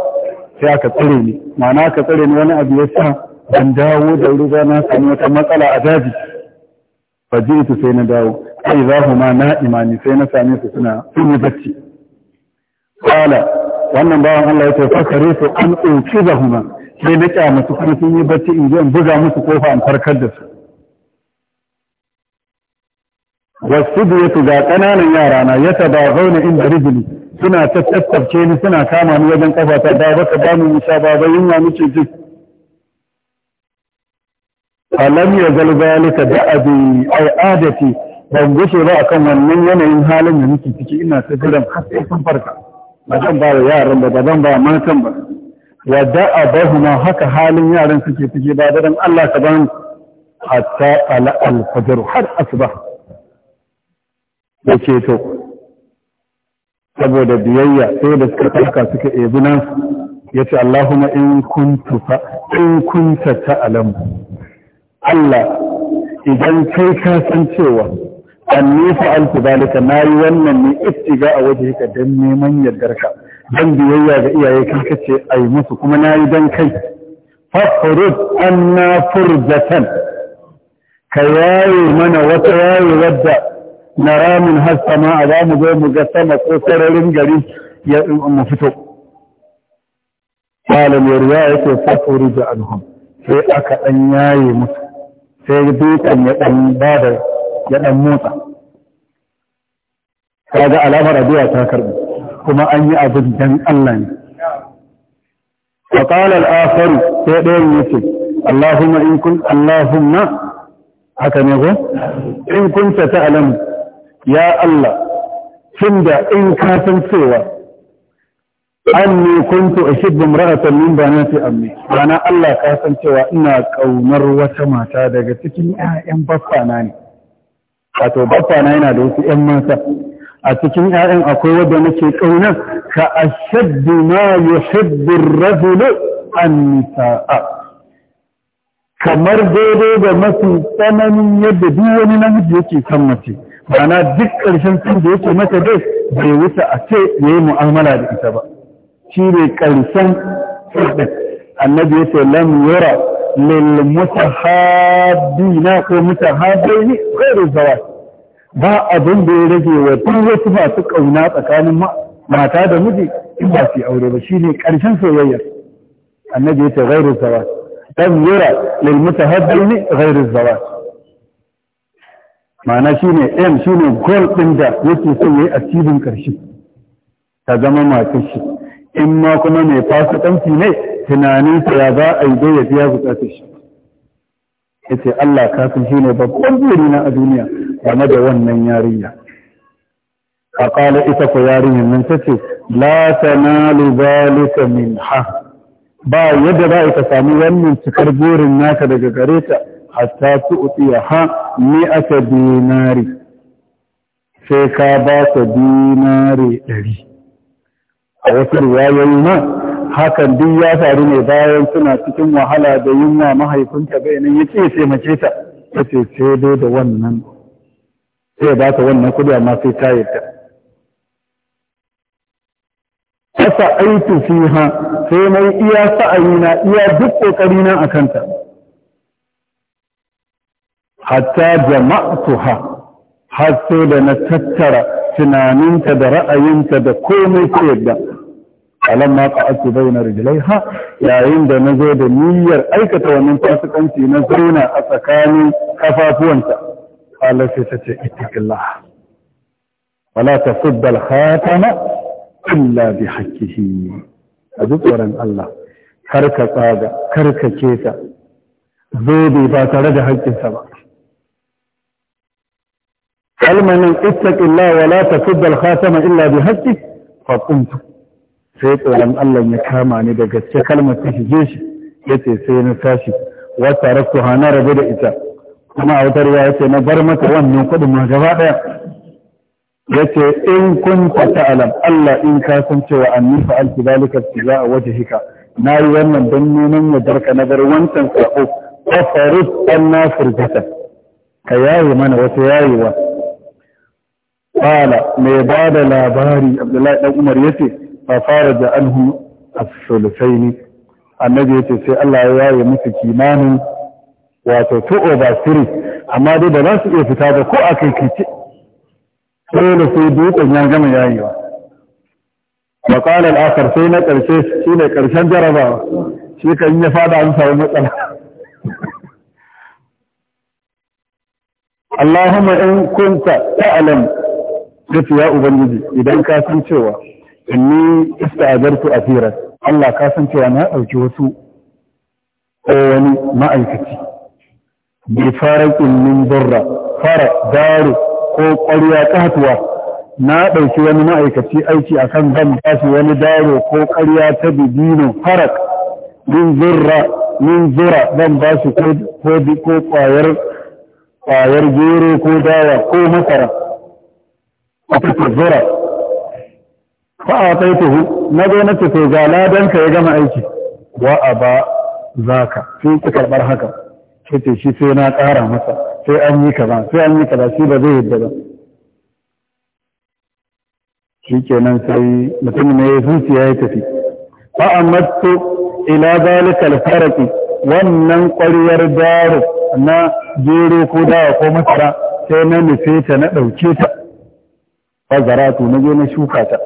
sai aka tsare ni ma'ana aka tsare ni wani abu ya sa ban dawo da wuri ba na sami wata matsala a daji fa sai na dawo kai za su ma na imani sai na same su suna sun yi bacci kala wannan bawan Allah ya ce fakare su an ɗauki su ma, sai na ƙyama su kuma sun yi bacci in ji buga musu kofa in farkar da su wasu da ya ga ƙananan yara na ya taba zaune inda rijili suna ta tattafce ni suna kama ni wajen ƙafa ta da baka ba mu sha ba ba yunwa muke ji alam ya zalzalika da abin ai ban gushe ba akan wannan yanayin halin da muke ciki ina tsibirin har sai sun farka ba zan ba yaran ba zan ba matan ba wa da'a bahuma haka halin yaran suke ciki ba dan Allah ka ban hatta ala al-fajr har asuba yake to saboda biyayya sai da suka farka suka ebi nan yace Allahumma in kuntu fa in kunta ta'lamu Allah idan kai ka san cewa anni fa'altu zalika nayi wannan ne ittiga a waje ka dan neman yardarka dan biyayya ga iyaye kan kace ai musu kuma na yi dan kai fafrud anna furjatan ka yaye mana wata yaye wadda nara min hasama a za mu zo mu ga sama ko sararin gari ya mu fito malam yarwa yake fafrud anhum sai aka dan yaye musu sai dukan ya dan da. ya ɗan motsa kaga alamar addu'a ta karɓi kuma an yi abin dan Allah ne wa qala al-akhar sai ɗayan yace Allahumma in kun Allahumma haka ne ko in kunta ta'lamu ya Allah tunda in ka san cewa anni kuntu uhibbu imra'atan min banati ammi ana Allah ka san cewa ina kaunar wata mata daga cikin ƴaƴan baffana ne wato bafa na yana da wasu 'yan mata a cikin 'ya'yan akwai wanda nake kauna ka ashaddu ma yuhibbu ar-rajul an-nisaa kamar daidai da mafi tsananin yadda duk wani namiji yake kan mace ma'ana duk ƙarshen sun da yake mata dai bai wuce a ce ya yi mu'amala da ita ba shi ne ƙarshen sirɗin annabi ya ce lam yara lil mutahabbina ko mutahabbaini ghairu ba abin da ya rage wa duk wasu masu ƙauna tsakanin mata da miji in ba su aure ba shine karshen soyayya annabi ya ce ghairu zawaj dan yura lil zawa. ghairu zawaj ma'ana shine shi shine goal ɗin da yake son yayi a cibin karshe ta zama matar shi in ma kuma mai fasikanci ne Tunanin ya za a yi dai ya biya bukatar shi ya ce Allah kafin shi ne babban na a duniya game da wannan yarinya a ƙala ita ko yarinyar nan ta ce la ta zalika min ha ba yadda za a ka sami wannan cikar burin naka daga gare ta hatta tu'tiya ha ni aka dinari sai ka ba ta dinari ɗari a wasu riwayoyin ma hakan duk ya faru ne bayan suna cikin wahala da yunwa mahaifinta bai nan ya ce mace ta ta ce ce dai da wannan sai ba ta wannan kudi amma sai ta yadda kasa aitu fiha sai mai iya sa'ayi na iya duk kokari na a kanta hatta jama'tuha har sai da na tattara tunaninta da ra'ayinta da komai ta yadda فلما قعدت بين رجليها يا عند نزود نير ايكت في فاسقنتي نزرنا اتكاني كفافونك قال في ستئتك الله ولا تصد الخاتم الا بحكه اذكرا الله كرك صاد كرك كيتا زودي باترد حق السبع قال من اتك الله ولا تصد الخاتم الا بحكه فقمتك sai tsoron Allah ya kama ni da gaske kalmar ta shige shi ya ce sai na tashi wata rasu hana rabu da ita kuma a wutar ya ce na bar mata wannan kuɗi ma gaba ɗaya ya ce in kun ta alam Allah in ka san cewa an nufa alki zalika za a waje hika na yi wannan don neman ya darka na bar wancan sako ta farus an na furgata ka yayi mana wata yayewa Ƙwala mai ba da labari Abdullahi ɗan Umar ya ce, fa faraja anhu as-sulusaini annabi yace sai Allah ya yaye musu kimanin wato to over three amma dai da za su iya fita ba ko akai kici dole sai dutsen ya gama yayewa wa qala al sai na karshe shine karshen jarabawa shi ya fada an samu matsala Allahumma in kunta ta'lam kace ya ubangiji idan ka san cewa inni a asira Allah ka san cewa na ɗauki wasu ko wani ma'aikaci bi farakin min durra fara daru ko ƙwarya katuwa na ɗauki wani ma'aikaci aiki akan zan bashi wani daro ko ƙarya ta bibino farak min zurra min zura zan bashi ko ko ƙwayar ƙwayar gero ko dawa ko masara a fitar zura fa a taituhu na zo na ce to ga ladan ka ya gama aiki wa a ba za ka sai ki karɓar haka sai ce shi sai na ƙara masa sai an yi kaza sai an yi kaza shi ba zai yadda ba shi kenan sai mutum ne ya zuci ya tafi fa matu ila zalika al-farqi wannan ƙwariyar daro na gero ko dawa ko masara sai na nufe ta na ɗauke ta zaratu na je na shuka ta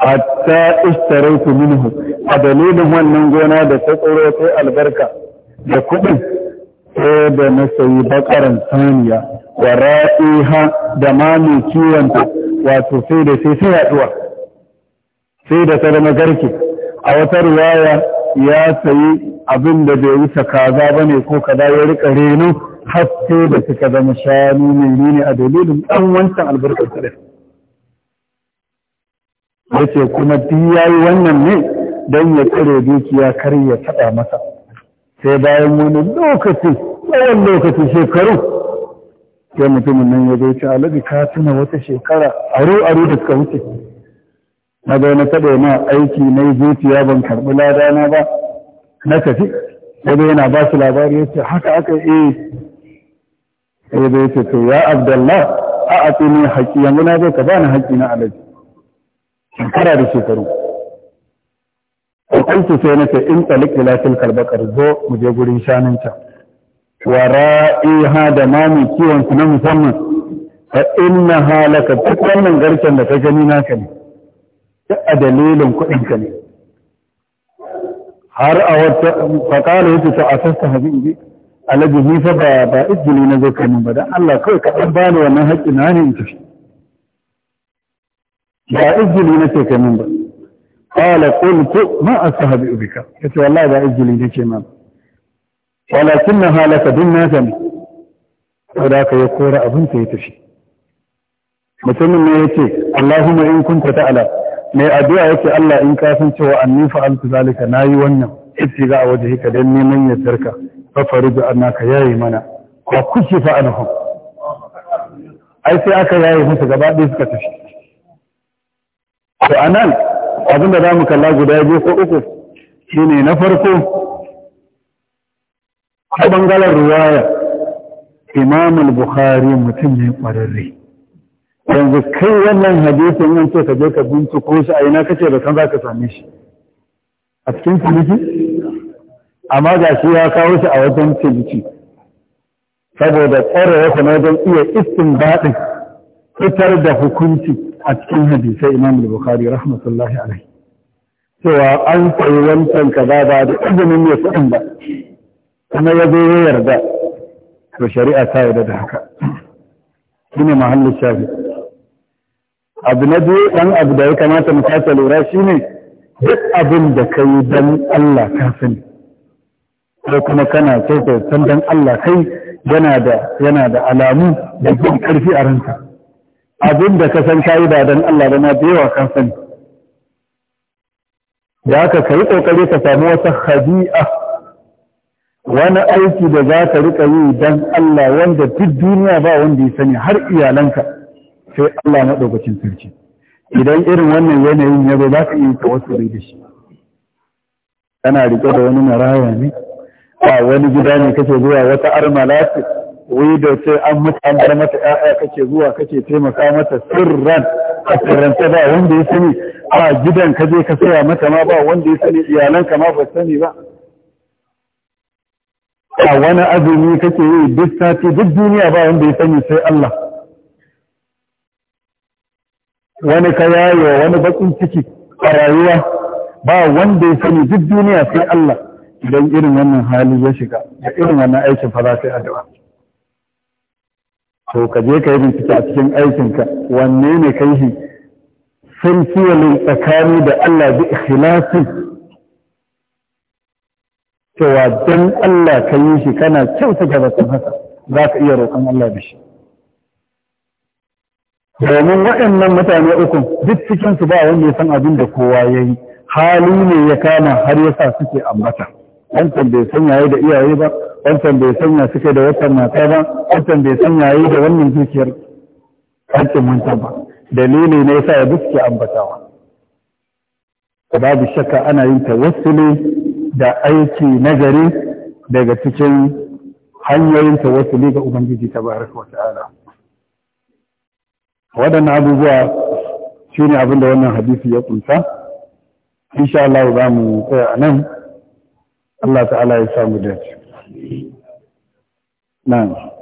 hatta istaraitu minhu a dalilin wannan gona da ta tsoro ta albarka da kuɗin sai da na sayi bakaran saniya wa ra'iha da ma mai ta wato sai da sai sai yaduwa sai da ta na garke a wata riwaya ya sayi abin da bai wuce kaza ba ne ko kaza ya rika reno har sai da suka zama shanu ne a dalilin ɗan wancan albarkar sadaka yace kuma duk yayi wannan ne dan ya kare dukiya kar ya taɓa masa sai bayan wani lokaci tsawon lokaci shekaru sai mutumin nan ya zai ce ka tuna wata shekara aro aro da suka wuce na ga na taɓa ma aiki na zuciya ban karɓi ladana ba na tafi wanda yana ba shi labari ya haka aka yi eh. sai zai ce to ya abdallah a a haƙi yanzu na zo ka bani haƙi na alaji shekara da shekaru su sai na ce in talik ila tilkal bakar zo mu je gurin shanun can wa ra'iha da mami kiwon su na musamman fa inna halaka duk wannan garken da ka gani naka ne duk a dalilin kuɗin ka ne har a wata faƙala yake ta asasta habibi alaji ni fa ba ba izini na zo kanin ba dan Allah kawai ka dan bani wannan haƙƙi na ne in tafi ba izgili nake kai min ba qala qultu ma astahabi bika yace wallahi ba izgili nake min walakinna halaka dun nasan saboda ka yi kora abin ta ya tafi mutumin ne yace Allahumma in kunta ta'ala mai addu'a yake Allah in ka san cewa anni fa'altu zalika yi wannan ittiga a waje wajhika dan neman yardarka fa farij ka yayi mana wa kushi fa ai sai aka yayi musu gaba ɗaya suka tafi to a nan abinda za mu kalla guda biyu ko uku shine na farko a ɓangaren ruwaya imam bukhari mutum ne ƙwararre yanzu kai wannan hadisin yan ce ka je ka binciko shi a ina kace da kan za ka same shi a cikin ciniki amma ga shi ya kawo shi a wajen ciniki saboda tsara ya na wajen iya istin baɗin fitar da hukunci a cikin hadisai imam al-bukhari rahmatullahi alaihi cewa an koyi wancan kaza ba da izinin mai kuɗin ba kuma ya zo ya yarda to shari'a ta yarda da haka shine mahallin shafi abu na biyu ɗan abu da ya kamata mu kasa lura shine duk abin da kai dan Allah ka sani ko kuma kana so san don Allah kai yana da alamu da jin ƙarfi a ranka abin da ka san kayi ba don Allah ba na da yawa kan sani da haka ka yi ƙoƙari ka samu wata hadi'a wani aiki da za ka riƙa yi don Allah wanda duk duniya ba wanda ya sani har iyalanka sai Allah na ɗaukacin sarki idan irin wannan yanayin ya zo za ka iya wasu rai da shi kana riƙe da wani maraya ne a wani gida ne kake zuwa wata armala wai da ce an bar mata ‘ya'ya kake zuwa kake taimaka mata sirran a sirranta ba wanda ya sani a gidan ka je ka saya mata ma ba wanda ya sani iyalanka ma ba sani ba a wani azumi kake yi duk sati duk duniya ba wanda ya sani sai Allah wani ka yayo wani bakin ciki a rayuwa ba wanda ya sani duk duniya sai Allah idan irin wannan hali ya shiga da irin wannan aikin fa za sai addu'a to ka je ka yi bincike a cikin aikinka wanne ne kai shi sun kiwalin tsakani da Allah bi ikhlasin cewa don Allah ka yi shi kana kyauta gabatun haka za ka iya roƙon Allah da shi domin waɗannan mutane uku duk cikinsu ba wanda ya san abin da kowa ya yi hali ne ya kama har yasa suke ambata wancan bai san yayi da iyaye ba wancan bai san ya suke da wata mata ba wancan bai san yayi da wannan dukiyar hancin wancan ba dalili ne yasa ya duske ambatawa babu shakka ana yin tawassuli da aiki nagari daga cikin hanyoyin tawassuli ga ubangiji tabaraka wa ta'ala waɗannan abubuwa shine abin da wannan hadisi ya kunsa insha Allah za mu tsaya a nan Allah ta'ala ya samu dace. Na'am.